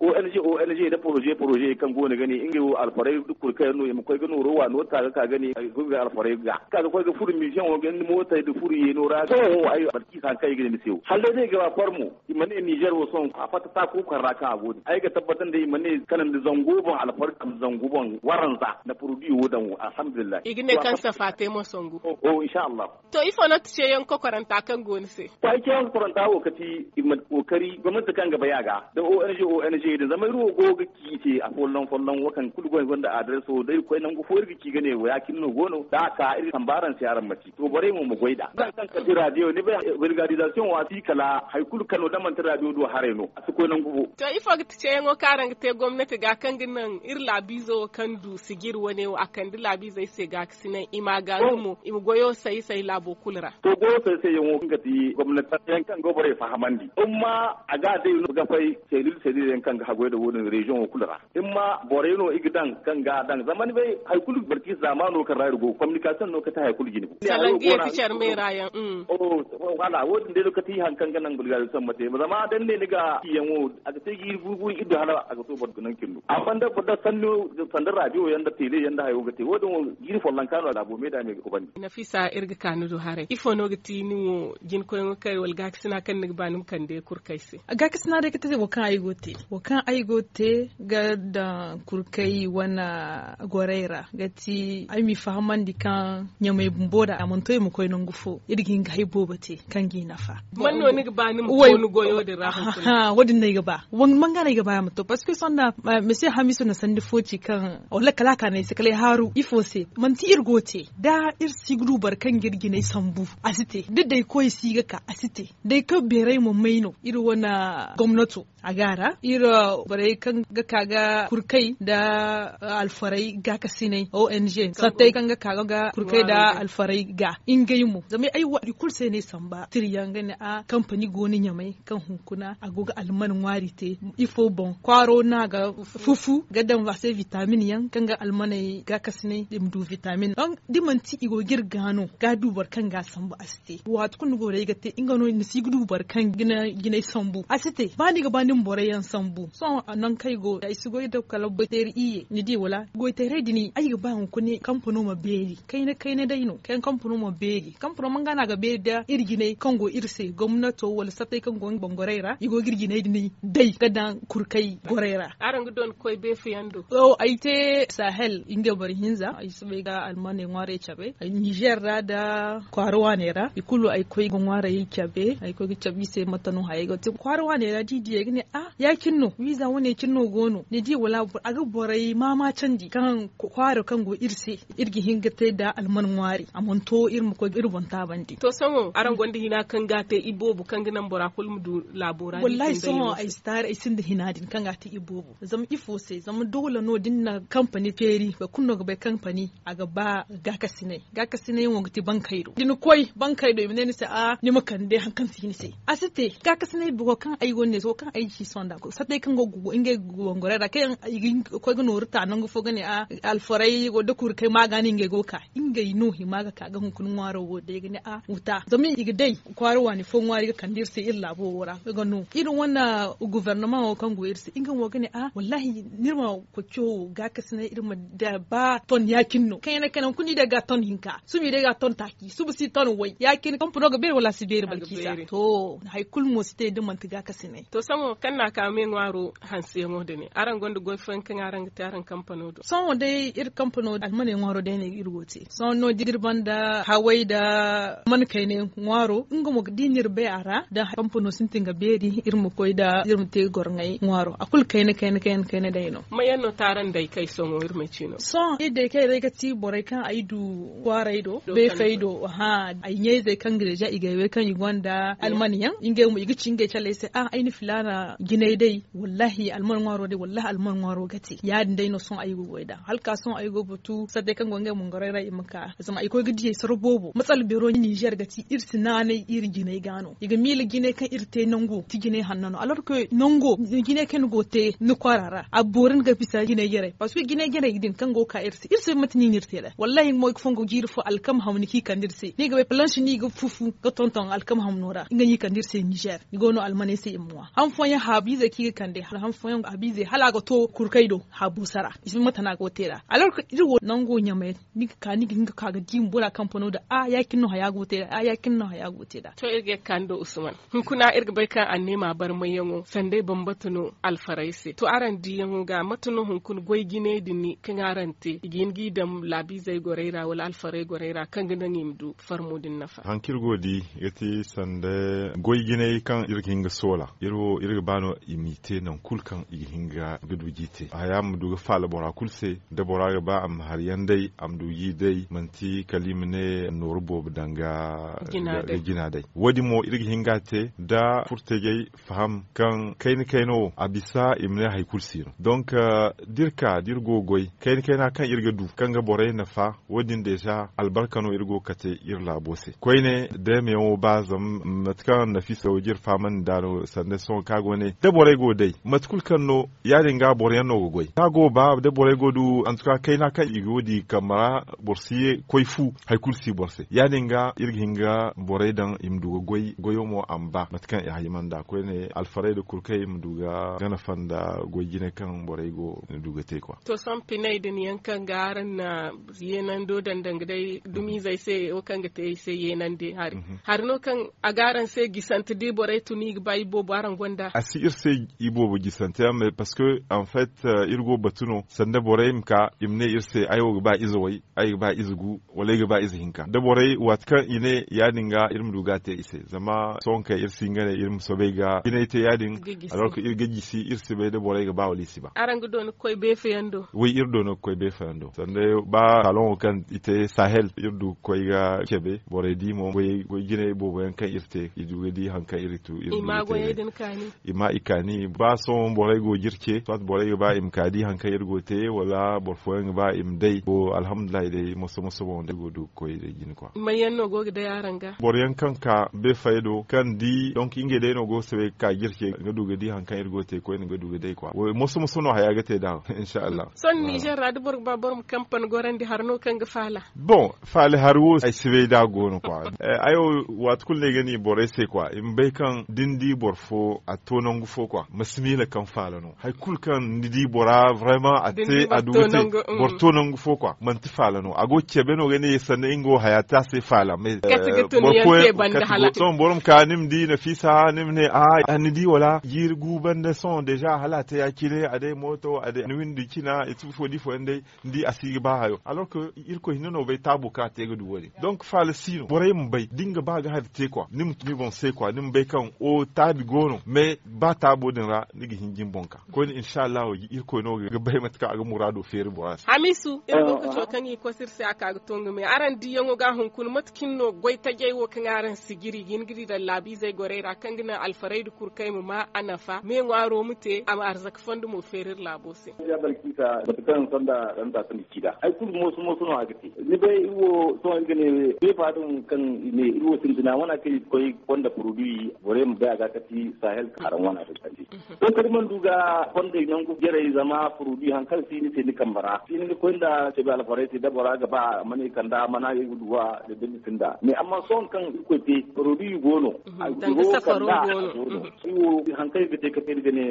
[SPEAKER 3] ONG ONG da projet projet kan go ne gani in yi alfarai dukur kai no yim kai gani ruwa no ta ga ka gani ko ga alfarai ga ka ga kai ga furu mission wo gani mota da furu ye no ra so ai barki san kai gani sew halde ne ga farmu imane Niger wo son a fata ta ko kan raka godi ai ga tabbatan da imane kanan da zangobon alfarai kan kam zangobon waranza na furudi wo dan alhamdulillah igne kan safate mo songo o oh, oh, insha Allah
[SPEAKER 1] to ifo not ce yan ko karanta kan goni se
[SPEAKER 3] to ai ke yan karanta wo kati kokari gwamnati kan gaba ya ga da ONG ONG da zama ruwa goga ki ce a follow konnon wakan kulgon gonda adreso dai ko nan go forgi ki gane wa yakin no gono da ka irin tambaran siyaran mace to bare mu mu goida zan kan ka radio ni ba vulgarisation wa ti kala haikul kano da man radio do hare hareno su ko nan gubo
[SPEAKER 1] to ifa ifo ce yango karan te gwamnati ga kan ginnan ir labizo kan du sigir wane wa kan di labizai se ga sinan imaga mu im goyo sai sai labo kulra to goyo
[SPEAKER 3] sai sai yango kan gati gwamnati yan kan gobare fahamandi umma aga dai ga fai sai selil yan kan ga hagoye da wurin region kulra ma boreno igdan kan ga dan zaman bai haikulu barki zamano kan rayu go communication no ka ta haikulu gini talangi fichar mai rayan mm. oh wala wodin de lokati hankan ganan gulgal san mate zama dan ne niga yanwo a ga tegi bubu ido hala a ga so bad gunan killu amma da bada sanno sandar radio yanda tele yanda hayo gate wodin gini follan kano da bo me da me ko bani
[SPEAKER 1] nafisa irga kanu do hare ifo no gati ni wo jin ko kai wal ga kisna kan niga banum kan de kurkaisi
[SPEAKER 4] ga kisna de kete wo kan aigote wo kan aigote ga da kurkai wana goreira gati ai mi fahaman di kan nyamai bumboda amantoy mu koy nongu fo irgin ga haibo te, kan gi nafa man no
[SPEAKER 1] ni ba ni ko ni goyo de ra ha
[SPEAKER 4] wodin ne ga ba won man ga ne ga ba mu to parce que sonna monsieur hamisu na sandi foci kan wala kala ka ne sakale haru ifo se man ti te da ir sigru bar kan ne sambu asite duk dai koy siga ka asite dai ka berai mu maino ir wana Gomnato a gara ir uh, bare kan ga kaga kurkai kurkai da uh, alfarai ga kasinai ONG sattai kanga kaga ga kurkai da alfarai ga ingai mu zame ai wadi kurse ne samba tiriyan gane a kamfani goni nyamai kan hunkuna goga alman te ifo bon kwaro na ga fufu gadan vase vitamin yan kanga almanai ga kasinai du vitamin don dimanti igo girgano ga dubar kan ga sambu aste wato kun go ga te ingano ni sigu dubar kan gina gina sambu asite ba ni ga banin yan sambu so nan kai go ai sigo da kala tabbatar iye ni di wala goitere dini ayi ba hun kuni kamfano ma beri kai ne kai ne dai no kai kamfano ma beri kamfano man gana ga beri da irgine kango irse gwamnato wala satai kango bangorera igo girgine dini dai kadan kurkai gorera
[SPEAKER 1] aran don koy be
[SPEAKER 4] fiyando o aite sahel inge bari hinza ay sube ga almane ngware chabe niger ra da kwarwa ne ra ikulu ay koy ngware yi chabe ay koy chabi se matanu haye ga tin kwarwa ne ra didi ne a ah, ya kinno visa wone kinno gono ne di wala aga borai mama canji. kan kwaro kan go irse irgi hingate da alman wari
[SPEAKER 1] amon to mu ko irbon ta bandi to sanwo aran gondi hina kan gate ibobu kan ginan bora kulmu du labora wallahi sanwo ai
[SPEAKER 4] star ai sin hina din kan gate ibobu zam ifo se zam dole no din na company feri ba kunno ga bai company aga ba ga kasine ga kasine yin wogti bankairo din koi bankairo ne ni se a ni makan dai hankan si ni se asite ga kasine bugo kan ai gonne so kan shi sonda ko satai kan go go inge go ngore da kan ai rin ko ga noru ta nan gufo gane a alfarai go da kurkai kai maganin ge go ka inga ino hi maga ka ga hun kun waro go da gane a wuta domin iga dai kwaro wani fon wari ga kandir sai illa bo wora ga no irin wannan gouvernement o kan go irse inga wo gane a wallahi nirma ko cho ga ka sina irin da ba ton yakin no kai na kana kuni daga ton hinka su mi daga ton taki su bi ton wai yakin kan funo ga ber wala si balki sa to hay kul mo ste de man tiga ka sina
[SPEAKER 1] to samo kan na ka men waro hanse mo dane aran gondo go fen yankin aran taran kamfano do
[SPEAKER 4] son dai ir kamfano mane ngwaro dai ne irwote son no digir da hawai da man kai ne ngwaro ngo mo dinir be ara da kamfano sintinga beri irmu koy da irmu te ngai ngwaro akul kai ne kai ne kai ne kai ne dai no
[SPEAKER 1] yanno taran dai kai son mai chino
[SPEAKER 4] son e dai kai dai ti borai kan du kwarai do be do ha ayye dai kan gireja igaiwe kan igwanda almaniyan inge mu igi cinge chale sai ah aini filana ginai dai wallahi alman ngwaro dai wallahi alman ngwaro aro gati yadin dai no son ayugo goida halka son tu butu dai kan gonga mun gorera ka zama ko gidi sar bobo matsal ni Niger gati irsi nane ir gine gano iga mil gine kan irte nango ti gine hannano alor ko nango gine kan gote nu kwarara aborin ga fisa gine gere parce que gine gine idin kan go ka irsi irsi matni nirte da wallahi mo fongo jiru fo alkam hamni ki kan dirse ni ga planche ni ga fufu ga tonton alkam hamnora inga yi kan dirse Niger ni no almane sai imwa han fonya ya habiza ki kan de han fonya ya habiza halaga to kur kaido ha busara isin mata na gotera alor ka irwo nango nyame ni ka ni ginga ka ga jim bura kamfano da a ah, yakin no haya gotera a ah, yakin no haya gotera
[SPEAKER 1] to irge kando usman kun kuna irge bai kan annema bar mai yango sande bambatuno alfaraisi to aran di yango ga matuno hun kun goy gine dinni kin arante igin dam labi zai goreira wala alfarai goreira kan nan imdu farmo din nafa
[SPEAKER 2] hankir godi yati sande goy gine kan irge hinga sola irwo irge bano imite nan kulkan irge hinga gudu gite a ya mu duga fa labora kulse da bora ga ba am har yandai am dugi dai manti kalim ne norbo danga ga gina dai wadi mo irgi ce da furtege faham kan kaini kaino abisa imne hay kulse donc uh, dirka dirgo goy kaini kaina kan irga du kan ga bora na fa wadi deja albarkano irgo kate irla bose koine de me o bazam matkan nafisa wajir faman daro sanne son kagone da bora go dai matkul kanno ya dinga bora no goi ta go ba de bore godu en an tuka kai na kan igodi kamara borsiye koifu hay kursi borse ya dinga irginga bore dan imdugo goi goyo mo amba matkan ya da ko ne alfare de kurkai imduga gana fanda goi gine kan bore go duga te kwa
[SPEAKER 1] to san pinai din yankan garan na yenan do dan dai dumi zai sai o kan ga te sai yenan de har mhm. har no kan a garan sai gisanta bore tuni bai bo baran gwanda
[SPEAKER 2] asir sai ibo bo gisanta mais parce que en fait irgo batuno sanda borai mka imne irse ayo ba izowai ayo ba izugu walai ba izihinka da borai watka ine yadin ga irin duga te ise zama son ka irsi ngane irin sobega ine te yadin alor ka irga gisi irse bai da borai ga ba wali si ba
[SPEAKER 1] arangu don koy be feyando
[SPEAKER 2] wi irdo no koy be feyando sanda ba kalon kan ite sahel irdu koy ga kebe borai mo koy koy gine bo yan kan irte iduga di hanka iritu irma go yedin kani ima ikani ba son borai go jirke fat borai ba im kadi han kay irgo te wala bor foyen ba im dai bo alhamdulillah dai musu musu bon dai godu koy dai gin ko
[SPEAKER 1] may no gogi da aranga
[SPEAKER 2] bor yan kanka be faydo kan di donc inge dai no go se be ka girke ga duga di han kay irgo te koy ga duga dai ko wo musu musu no haya gate da insha Allah
[SPEAKER 1] son je radu bor ba bor kampan gorandi harno kan ga fala
[SPEAKER 2] bon fala harwo ay se be da go no ko ayo wat kulle gani bor se ko im be kan dindi bor fo a tonon gufo kwa masmila kan fala no hay kul kan ndi di bora vraiment ate aduwete borto tonongu fo quoi manti fala no ago no gane yesane ingo hayata se fala mais euh, ton borom ka nim ah, ah, ah, di na fisa nim ne a ani di wala yir guban da son deja hala te kire ade moto ade nuin di kina etu fo di fo ndai ndi asigi ba hayo alors que il ko hinno be tabu ka te gudu wori donc fala sino boray mbai dinga ba ga te quoi nim mi bon se quoi nim be kan o oh, tabi gono mais ba tabu din ra gi hinjin bonka ko inshallah oh, iko no ga bay mat ka ga murado fer boras
[SPEAKER 1] hamisu in mun ko kan ko sirse aka ga tongu me aran di yango ga hun kun mat kin no goy ta jey wo kan aran sigiri gin gidi da labi zai gore ra kan gina alfarai kur kai mu ma anafa me ngwaro mute am arzak fondu mu ferir labo labose
[SPEAKER 3] ya balki ta batan sanda dan ta san kida ai kun mo su mo su suno agati ni bai iwo to an gane ne be fadun kan ne iwo sintina wana kai koi wanda kurudi gore mu bai ga kati sahel karan wana da kati to mhm. kadi man duga wanda nan ku gere zai zama hankali produit ni kan sini te ni kambara da ce bi alfarai bala fare te dabara ga ba mani kanda mana yi duwa da sun da me amma son kan ko te produit gono a go kanda gono mhm. siwo han kai ga te ka fi ga ne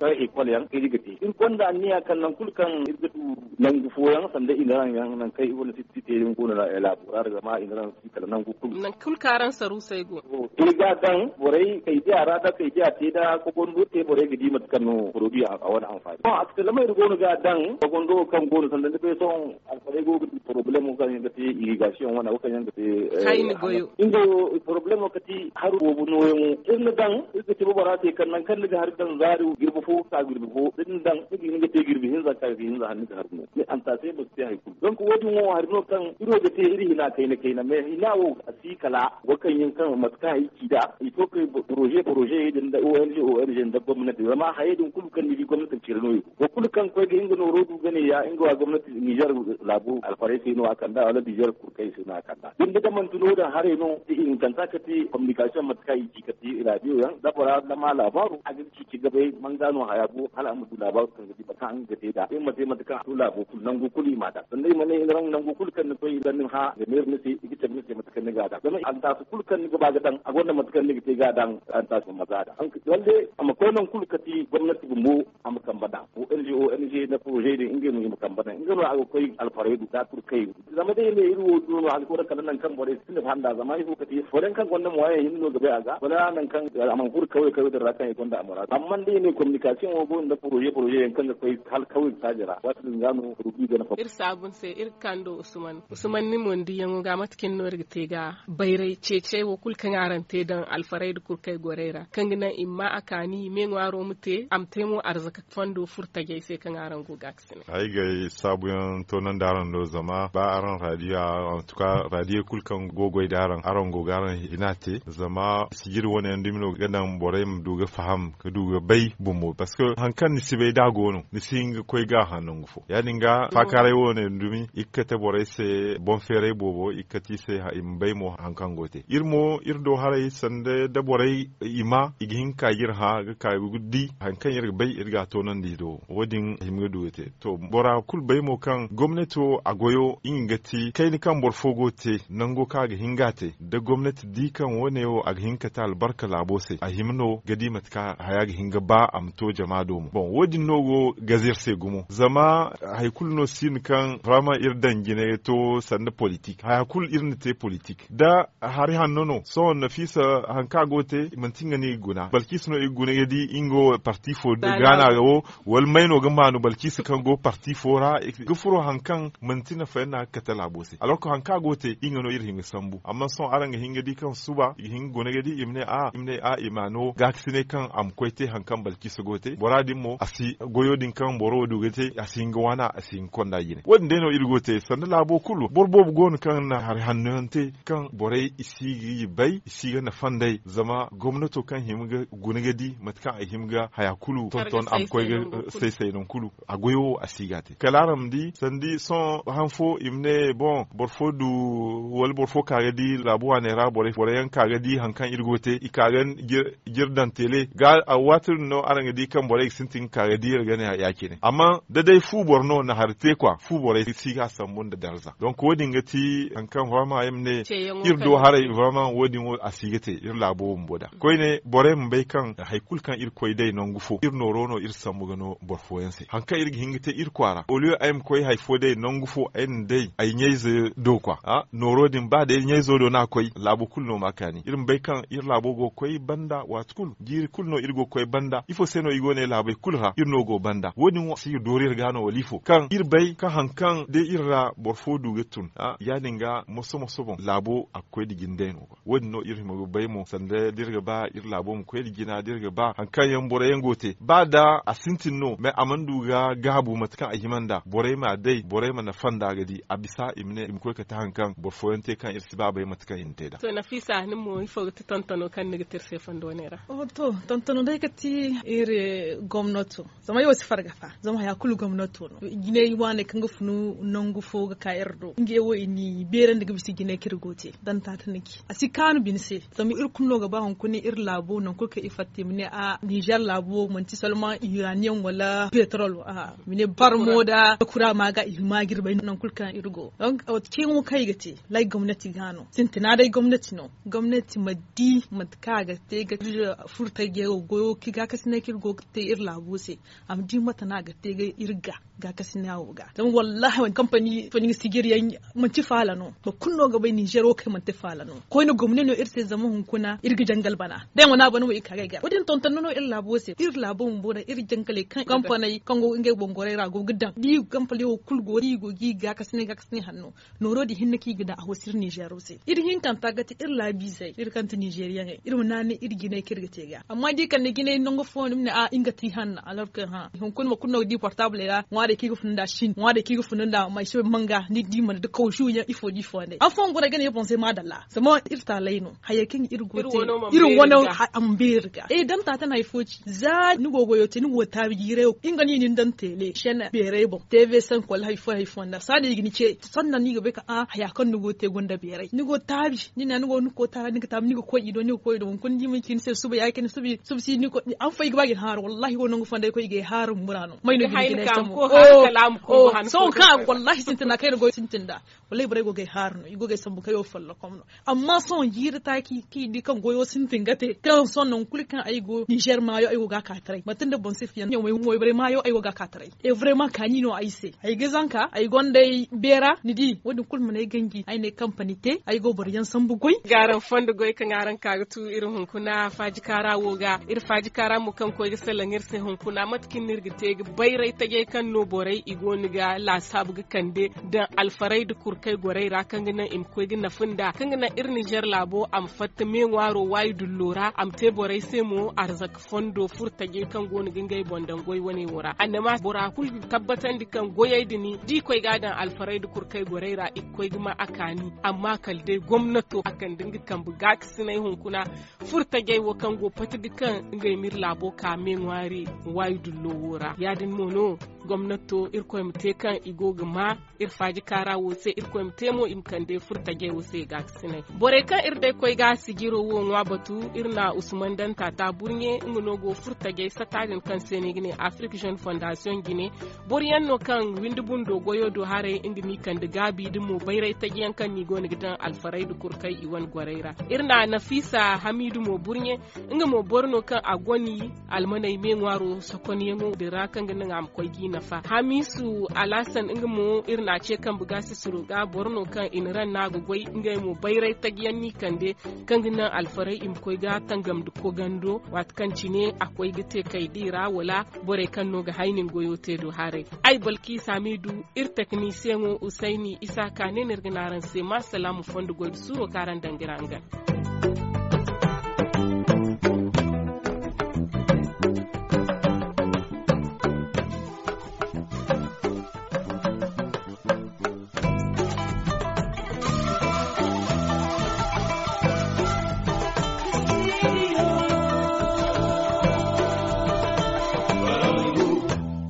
[SPEAKER 3] ta e kwal yan kai ga te in da ni kan nan kul kan irgatu nan gufo yan sanda inaran yan nan kai wala sitti te yin gono la da zama inaran su kala nan gufo
[SPEAKER 1] nan kul karan saru sai go to
[SPEAKER 3] ga dan borai kai jiya rata kai jiya te da ko gondo te borai ga di mat kanu produit biya a wani amfani to a cikin lamai da gonu ga dan ba gondo kan gonu sannan da son alfare da eh, problem ko kan da te irrigation wana ko kan da te kai ni goyo ingo problem ko ti har wo bu noyo mu in dan ko ba bara te kan nan kan da har dan zari girbi fo ka girbu fo din dan ko ni te girbi hin za zakar hin za hannu da har mu ni an ta sai ba sai haiku don ko wajin wo har no kan iro da te iri na kai na kai na me ina wo asikala wo kan yin kan matka yi da ito kai proje proje din da ONG ONG da gwamnati zama hayedin kulkan mili gwamnatin cirnoyo ko kul kan ko ga inga no rodu gane ya inga wa gwamnatin nijar labu alfare sai no akanda wala Niger kurkai kai sai na akanda din da man tuno da hare no in kan sakati communication kai ki kati radio yan da fara da ma labaru a gici ci gaba man gano hayabu ala mu labaru kan gidi baka an gade da in mate mataka to labu kun nan gukuli mata da. dai mane ran nan gukul kan to idan ha da mer ne sai igita ne sai matakan ne gada dan an ta su kul kan ne gaba gadan a gwamnati kan ne gada an ta su maza da an wanda amma ko nan kul kati gwamnati bumbu a am ko ngo NG na projet de inge mu kambada inge ba ko koy alfare du da tur kai zama dai ne iru do no al ko da kanan kan bore sun da handa zama ko kati foren kan gonda mu waye hinno gabe aga bala nan kan aman fur kawai kawai da rakan gonda amara amma dai ne communication wo go da projet projet kan da koy hal kawai tajira wato zanu rubi da na fa ir
[SPEAKER 1] sabun sai ir kando usman
[SPEAKER 3] usman ni mon di
[SPEAKER 1] yango ga matkin no rigte er ga bayrai cece wo kul kan arante dan alfare du kur kai gorera kan nan imma akani me ngwaro mute am temo arzika fando furta gai sai kan
[SPEAKER 2] aran go gaksine ai ga sabuyan tonan daran do zama ba aran radio tuka tout cas radio kulkan gogoi daran aran go garan inate zama sigir wona ndimino gadan bore mu duga faham ka duga bai. bumo parce que hankan ni sibe da gono ni singa koy ga gufo ya yani nga fakare wona ndumi ikkete bore se bon fere bobo ikkati se ha imbay mo hankan gote irmo irdo harai sande da bore ima igihin kayir ha ga kayugudi hankan yir bai irga tonan dido wadin himgedu wete to bora kul bai mo kan gwamnato agoyo ingati ni kan bor na te ga kaga hingate da gwamnati di kan wone yo hinka hinkata albarka labo se a himno gadi matka ga hinga ba to jama mu bon wadin go gazir se gumo zama haikul no sin kan rama irdan gine to sanna politik hayakul irni te politik da hari nono so nafisa hankago te mantinga ni guna balkisno guna yadi ingo parti fo de gana wo wal mayno ga manu balki su kan go parti fora furo hankan mantina fa yana kata bose. alors ko hanka gote ingano yir hinga sambu amma son aranga hinga di kan suba hinga gona di imne a imne a imano gaksine kan am koite hankan balki su gote boradin mo asi goyo din kan boro dugete asi hinga wana asi hinga konda yine wadin deno irgote sanda labo kulu borbo gon kan na har hannante kan borai isigi bai ga na fandai zama gwamnato kan himga gona gadi matkan a himga hayakulu tonton ton am koyge seyseynum kulu a goyo a sigate kalaram di sandi son han fo imne bon bor fo du wal bor fo di labu anera bore bore yan kaga di hankan irgote i kagan jirdan tele ga a watir no aranga di kan bore sintin kaga di gane ya kene. ne amma da dai fu borno na harte kwa fu bore siga sambun da darza don ko dinga ti hankan homa imne irdo hare vraiment wodin wo asigate ir labo mboda koyne bore mbai kan haikul kan ir koydai non gufo ir noro bono ir sammugano borfoyense hanka ir hingite ir kwara lieu aim koy hay fode nongufo en dai ay nyeze do kwa a norodin ba de nyezo do na koy labo kulno makani irin bai kan ir labo go koy banda watkul jiri kulno ir go koy banda ifo seno igone labo kulha ir no go banda woni wo si rir gano walifo kan ir bai ka hankan de irra borfo dugetun yani nga moso moso bon labo akoy digindeno woni no ir mo bai mo sande dirga ba ir labo mo koy digina dirga ba hankan yambore yengote gote ba da a sintin no mai amandu ga gabu matakan da borai ma dai borai ma na fanda gadi a bisa imne imkoi ka ta hankan borfoyen te kan irsi babai matakan inte da
[SPEAKER 1] to nafisa ni mo ifo ta tantano kan ni gitir se fando nera o oh, to tantano dai ka ti ire gwamnato zama yau sifar gafa zama ya kulu
[SPEAKER 4] gwamnato no gine yi wane kan gufu funu nan gufo ga ka erdo inge wo ini beren daga bisi gine kirgote dan ta taniki a si kanu bin se zama irkun no gaba hankuni ir labo nan kuka ifatti mune a Niger labo mun ti ma iranian wala petrol a mine barmo da kura ma ga ma girbai nan kulkan irgo don cikin kai gate lai gwamnati gano sintina dai gwamnati no gwamnati maddi matka ga te ga furta ge goyo ki ga kasne kirgo te irla buse am di mata na ga te ga irga ga kasne awo ga don wallahi wani kamfani fani sigiriyan mun ci fala no ba kunno ga bai o kai mun ti fala no ko ni gwamnati no irse zama hunkuna irga jangal bana dan wana banu ikaga ga wadin tontanno irla buse irla bun bona iri jankale kan kampanai kango inge bongore ra go gidan di kamfali o kulgo ri go gi ga kasne ga ka kasne hanno no rodi hinna ki gida a hosir Niger ose iri hin kan ta gati ir labi sai ir kan ta nigeria ne iri nani iri gine kirga te ga amma di kan ne gine go fon ne a inga ti hanna alor ke ha hon kun ma no di portable la ngwa de ki go funda shin ngwa de ki go funda mai so manga ni di man da kaushu ya ifo di fo ne afon gore gane yepon se madalla sama irta laino hayakin irgo te irin wani ambirga eh dan ta tana ifoci za ni gogo tin wo tabigire ingani nin dan tele shena bere bon tv san kwal haifo haifo na sadi igni ce sannan ni gabe ka a ah, haya kan nugo te gonda bere ni go tabi ni na nugo nuko ta ni ka tam ni ko yido ni ko yido mun kun dimin kin se suba yakin subi subi si ni ko an fa igba gin har wallahi oh, ko nugo fande ko ige har murano mai no gin kam ko har kalam ko oh, han so ka wallahi sintina kai go sintinda wallahi bare go ge har no igo ge sambu kayo fallo kom no amma son yirta ki ki di kan go yo goyo sintingate kan son non kulkan aigo niger mayo aigo ga katrai matin tun da bonsif yan yau mai mu bre ma yo ay waga katare e vraiment ka ni no ay se ay gezanka ai gonde bera ni di wodin kul mun ay gangi ai ne company te ai go bar yan sambu goy
[SPEAKER 1] garan fond goy ka garan ka tu irin hun kuna faji kara woga ir faji kara mu kan ko la ngir se hun kuna matkin nirgi te ga bayrai ta ge kan no borai ni ga la sabu ga kande da alfarai da kurkai gorai ra kan gina im ko gina funda kan gina ir Niger labo am fatta me waro wayi dullora am te borai se mu arzak fondo furta ge kan go gonu gingai bondan goy wani wura ma bora kul tabbatan dikan goyai dini di koy gadan alfarai du kurkai goreira ikoy guma akani amma kal dai gwamnato akan dingi kan buga kisinai hunkuna furta gai wo kan go pati dikan ngai mir labo ka menwari wayu dullo wura yadin mono gwamnato irko te kan gma irfaji kara wose irko te mo imkande furta ge wose ga sine bore kan irde koy ga sigiro wo nwa batu irna usman dan tata burnye ngono go furta ge satarin kan sene gine afrique jeune fondation gine boriyan no kan windubundo do goyo do hare indi mi kande gabi bi dumo bayrai ta giyan kan ni goni gidan alfarai du kurkai iwan gwaraira irna nafisa hamidu mo burnye inga mo borno kan agoni almanai me ngwaro sokoni yengo dira kan gina am koy gina nafa hamisu alasan ingmo irna ce kan su suruga borno kan inran na gugwai ingai mu bairai tagiyan ni kan de kan ginan alfarai im koi ga tangam du ko gando wat kan cine akwai gite kai dira wala bore kan no ga hainin te do hare ai balki sami du ir technicien o usaini isa kanen irginaran se ma salamu fondu goy suro karan dangiranga